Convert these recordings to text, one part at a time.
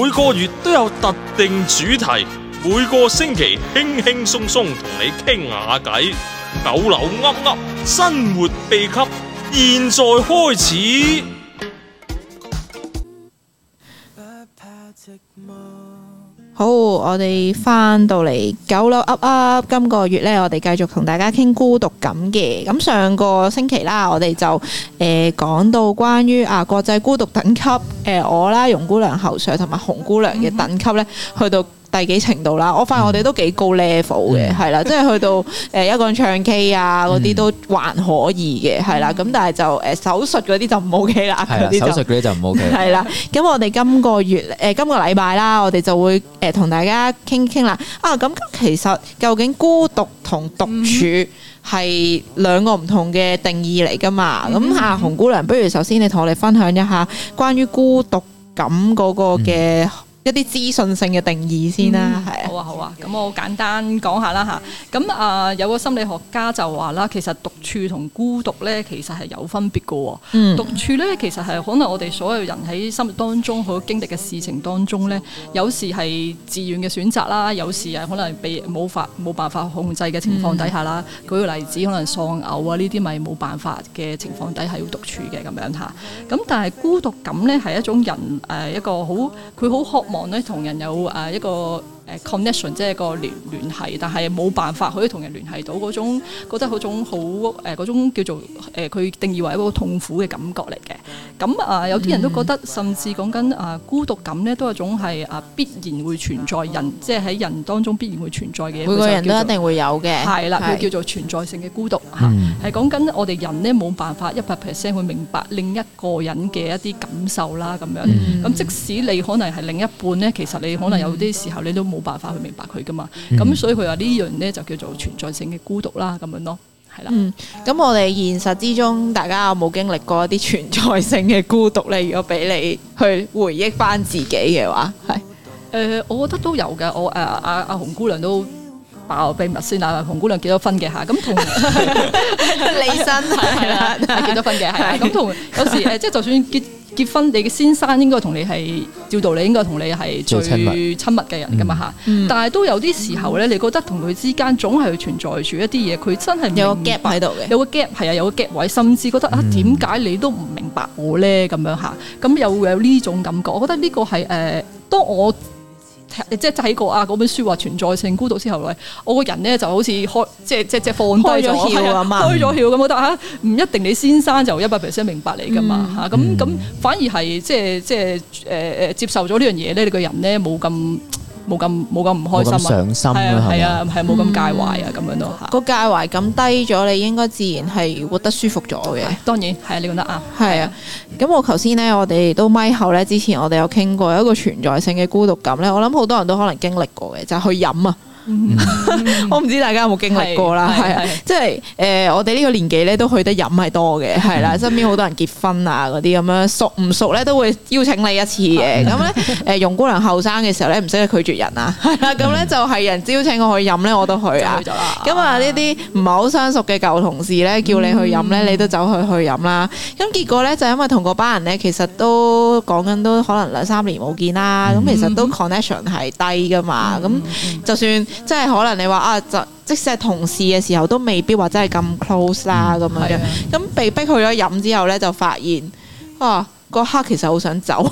每個月都有特定主題，每個星期輕輕鬆鬆同你傾下偈，九樓噏噏，生活秘笈，現在開始。好，我哋翻到嚟九樓噏噏，今個月咧，我哋繼續同大家傾孤獨感嘅。咁上個星期啦，我哋就誒講到關於啊國際孤獨等級，誒我啦、容姑娘、侯 sir 同埋紅姑娘嘅等級咧，去到。第幾程度啦？我發現我哋都幾高 level 嘅。係啦，即係去到誒一個人唱 K 啊嗰啲都還可以嘅，係啦。咁但係就誒手術嗰啲就唔 OK 啦。係啦，手術嗰啲就唔 OK。係啦。咁我哋今個月誒今個禮拜啦，我哋就會誒同大家傾傾啦。啊，咁其實究竟孤獨同獨處係兩個唔同嘅定義嚟㗎嘛？咁啊，紅姑娘，不如首先你同我哋分享一下關於孤獨感嗰個嘅。一啲資訊性嘅定義先啦，係、嗯、是好啊，好啊，咁我簡單講下啦吓，咁啊、呃，有個心理學家就話啦，其實獨處同孤獨咧，其實係有分別嘅。嗯，獨處咧，其實係可能我哋所有人喺生活當中好多經歷嘅事情當中咧，有時係自願嘅選擇啦，有時係可能被冇法冇辦法控制嘅情況底下啦。嗯、舉個例子，可能喪偶啊呢啲咪冇辦法嘅情況底下要獨處嘅咁樣吓，咁但係孤獨感咧係一種人誒、呃、一個好佢好渴望。同人有啊，一個。Connection 即係個聯聯繫，但係冇辦法可以同人聯繫到嗰種覺得嗰種好誒嗰、呃、種叫做誒佢、呃、定義為一個痛苦嘅感覺嚟嘅。咁啊，有啲人都覺得，嗯、甚至講緊啊孤獨感咧，都係一種係啊必然會存在人，即係喺人當中必然會存在嘅。每個人都一定會有嘅，係啦，叫叫做存在性嘅孤獨嚇，係講緊我哋人咧冇辦法一百 percent 會明白另一個人嘅一啲感受啦，咁樣。咁、嗯嗯、即使你可能係另一半咧，其實你可能有啲時候你都冇。冇辦法去明白佢噶嘛，咁所以佢話呢樣咧就叫做存在性嘅孤獨啦，咁樣咯，係啦。嗯，咁我哋現實之中，大家有冇經歷過一啲存在性嘅孤獨咧？如果俾你去回憶翻自己嘅話，係，誒，我覺得都有嘅。我誒阿阿紅姑娘都爆秘密先啦，紅姑娘結咗婚嘅吓，咁同李生係啦，係結咗婚嘅，係啊，咁同有時誒，即係就算結。結婚，你嘅先生應該同你係照道理應該同你係最親密嘅人噶嘛嚇，嗯、但係都有啲時候咧，嗯、你覺得同佢之間總係存在住一啲嘢，佢真係有個 gap 喺度嘅，有個 gap 係啊，有個 gap 位，甚至覺得啊，點解你都唔明白我咧，咁樣嚇，咁又會有呢種感覺，我覺得呢個係誒、呃、當我。即係睇過啊，嗰本書話存在性孤獨之後咧，我個人咧就好似開即係即係放低咗，開咗竅，開咗竅咁覺得啊！唔一定你先生就一百 percent 明白你噶嘛吓，咁咁、嗯嗯、反而係即係即係誒誒接受咗呢樣嘢咧，你個人咧冇咁。冇咁冇咁唔開心啊，上心啊，係啊係啊，係冇咁介懷啊，咁、嗯、樣咯嚇，個介懷咁低咗，你應該自然係活得舒服咗嘅。當然係啊，你覺得啊，係啊。咁、啊嗯、我頭先咧，我哋都咪後咧，之前我哋有傾過一個存在性嘅孤獨感咧，我諗好多人都可能經歷過嘅，就係、是、去飲啊。我唔知大家有冇經歷過啦，係啊，即係誒，我哋呢個年紀咧都去得飲係多嘅，係啦，身邊好多人結婚啊嗰啲咁樣，熟唔熟咧都會邀請你一次嘅，咁咧誒，紅姑娘後生嘅時候咧唔識得拒絕人啊，係啦，咁咧就係人邀請我去飲咧我都去啊，咁啊呢啲唔係好相熟嘅舊同事咧叫你去飲咧你都走去去飲啦，咁結果咧就因為同嗰班人咧其實都講緊都可能兩三年冇見啦，咁其實都 connection 係低噶嘛，咁就算。即係可能你話啊，就即使係同事嘅時候，都未必話真係咁 close 啦咁、嗯、樣樣咁被逼去咗飲之後咧，就發現啊～嗰刻其實好想走，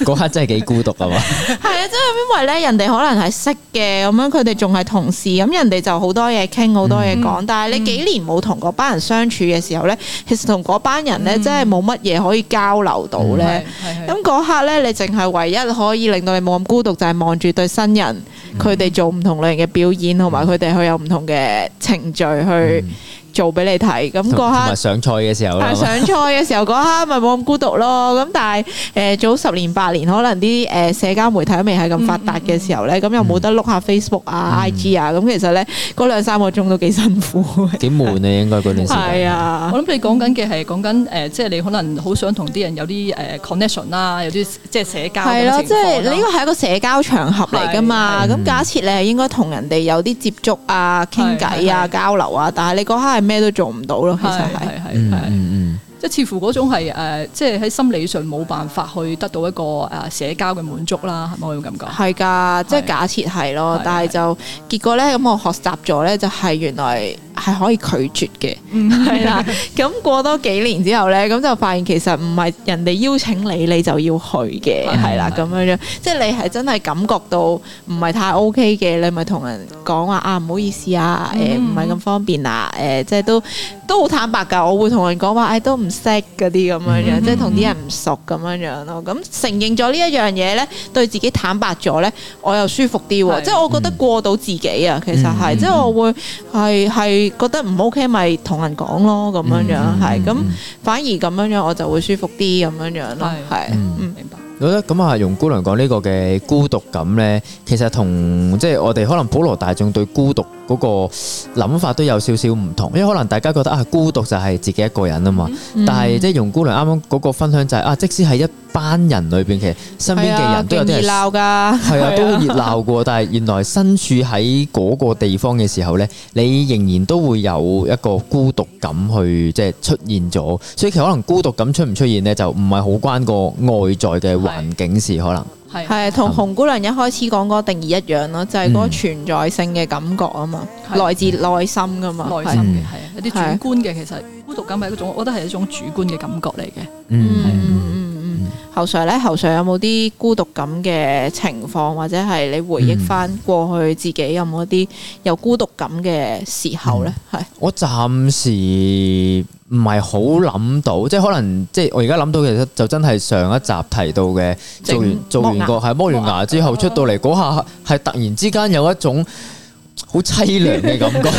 嗰 刻真係幾孤獨啊嘛！係啊， 即係因為咧，人哋可能係識嘅，咁樣佢哋仲係同事，咁人哋就好多嘢傾，好多嘢講。嗯、但係你幾年冇同嗰班人相處嘅時候咧，嗯、其實同嗰班人咧真係冇乜嘢可以交流到咧。咁嗰、嗯、刻咧，你淨係唯一可以令到你冇咁孤獨，就係望住對新人，佢哋、嗯、做唔同類型嘅表演，嗯、同埋佢哋去有唔同嘅程序去。嗯做俾你睇，咁、那、嗰、個、刻同上菜嘅時候， 上菜嘅時候嗰、那個、刻咪冇咁孤獨咯。咁但係誒、呃、早十年八年，可能啲誒社交媒體都未係咁發達嘅時候咧，咁、嗯、又冇得碌下 Facebook 啊、IG、嗯、啊。咁、嗯嗯嗯、其實咧，嗰兩三個鐘都幾辛苦，幾悶啊。 應該嗰段時間係啊。我諗你講緊嘅係講緊誒，即、就、係、是、你可能好想同啲人有啲誒 connection 啦，有啲即係社交。係咯、啊，即係呢個係一個社交場合嚟㗎嘛。咁假設你係應該同人哋有啲接觸啊、傾偈啊、交流啊，但係你嗰刻係。咩都做唔到咯，其實係，係，係，嗯，即係似乎嗰種係誒，即係喺心理上冇辦法去得到一個誒社交嘅滿足啦，係咪可以咁講？係噶，即係假設係咯，但係就結果咧，咁我學習咗咧，就係原來。係可以拒絕嘅，係啦。咁過多幾年之後咧，咁就發現其實唔係人哋邀請你，你就要去嘅，係啦。咁樣樣，即係你係真係感覺到唔係太 OK 嘅，你咪同人講話啊，唔好意思啊，誒，唔係咁方便啊，誒，即係都都好坦白噶，我會同人講話，誒，都唔識嗰啲咁樣樣，即係同啲人唔熟咁樣樣咯。咁承認咗呢一樣嘢咧，對自己坦白咗咧，我又舒服啲，即係我覺得過到自己啊。其實係，即係我會係係。覺得唔 OK 咪同人講咯，咁樣樣係咁，反而咁樣樣我就會舒服啲，咁樣樣咯，係，嗯，明白。我覺得咁啊，紅姑娘講呢個嘅孤獨感咧，其實同即係我哋可能普羅大眾對孤獨。嗰個諗法都有少少唔同，因為可能大家覺得啊孤獨就係自己一個人啊嘛，嗯、但係即係紅姑娘啱啱嗰個分享就係、係、啊，即使係一班人裏邊，其實身邊嘅人都有啲熱鬧㗎，係啊，啊都有熱鬧過，是啊、但係原來身處喺嗰個地方嘅時候呢，你仍然都會有一個孤獨感去即係出現咗，所以其實可能孤獨感出唔出現呢，就唔係好關個外在嘅環境事可能。係係，同紅姑娘一開始講嗰個定義一樣咯，就係、係、嗰個存在性嘅感覺啊嘛，嗯、來自內心噶嘛，內心嘅係係一啲主觀嘅，係其實孤獨感係一種，我覺得係一種主觀嘅感覺嚟嘅，嗯。係嗯喉上咧，喉上有冇啲孤獨感嘅情況，或者係你回憶翻過去自己有冇啲有孤獨感嘅時候咧？係我暫時唔係好諗到，即係可能即係我而家諗到，其實就真係上一集提到嘅，做完做完個係剝完牙之後出到嚟嗰下，係突然之間有一種好淒涼嘅感覺，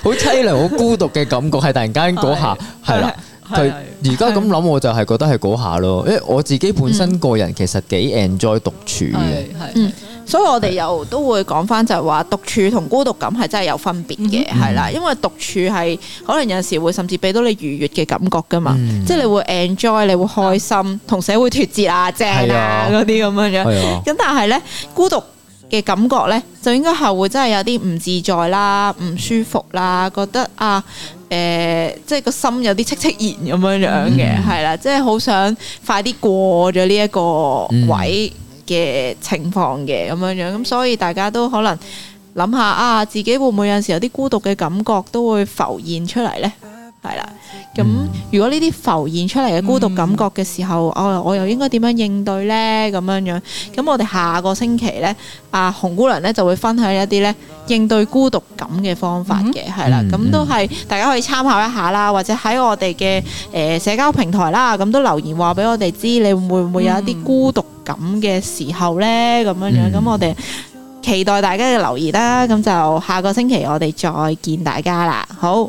好淒涼，好孤獨嘅感覺，係突然間嗰下係啦，佢。而家咁諗，我就係覺得係嗰下咯，因為我自己本身個人其實幾 enjoy 獨處嘅，嗯，所以我哋又都會講翻就係話獨處同孤獨感係真係有分別嘅，係啦、嗯，因為獨處係可能有陣時會甚至俾到你愉悅嘅感覺噶嘛，嗯、即係你會 enjoy，你會開心，同、嗯、社會脫節啊，正啊嗰啲咁樣樣，咁但係咧孤獨。嘅感覺咧，就應該係會真係有啲唔自在啦、唔舒服啦，覺得啊，誒、呃，即係個心有啲戚戚然咁樣樣嘅，係啦、mm hmm.，即係好想快啲過咗呢一個位嘅情況嘅咁樣樣，咁所以大家都可能諗下啊，自己會唔會有陣時有啲孤獨嘅感覺都會浮現出嚟咧？係啦，咁、嗯、如果呢啲浮現出嚟嘅孤獨感覺嘅時候，我、嗯哦、我又應該點樣應對呢？咁樣樣，咁我哋下個星期呢，啊紅姑娘呢就會分享一啲呢應對孤獨感嘅方法嘅，係啦、嗯、咁、嗯、都係大家可以參考一下啦，或者喺我哋嘅誒社交平台啦，咁都留言話俾我哋知，你會唔會有一啲孤獨感嘅時候呢？咁樣、嗯、樣，咁我哋期待大家嘅留言啦。咁就下個星期我哋再見大家啦，好。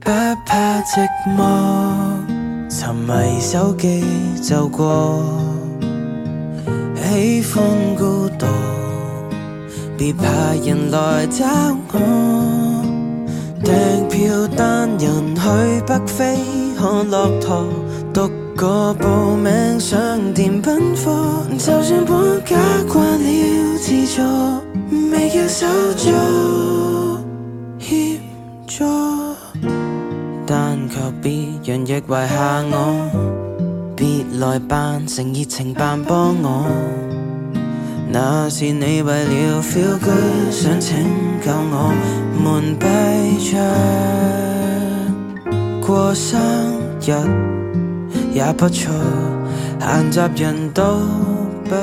不怕寂寞，沉迷手機就過。喜歡孤獨，別怕人來找我。訂票單人去北非看駱駝，獨個報名上甜品課，就算搬家慣了自助，未叫手續。但卻別人亦遺下我，別來扮成熱情扮幫我，那是你為了 feel good，想拯救我，悶悲傷。過生日也不錯，閒雜人都不。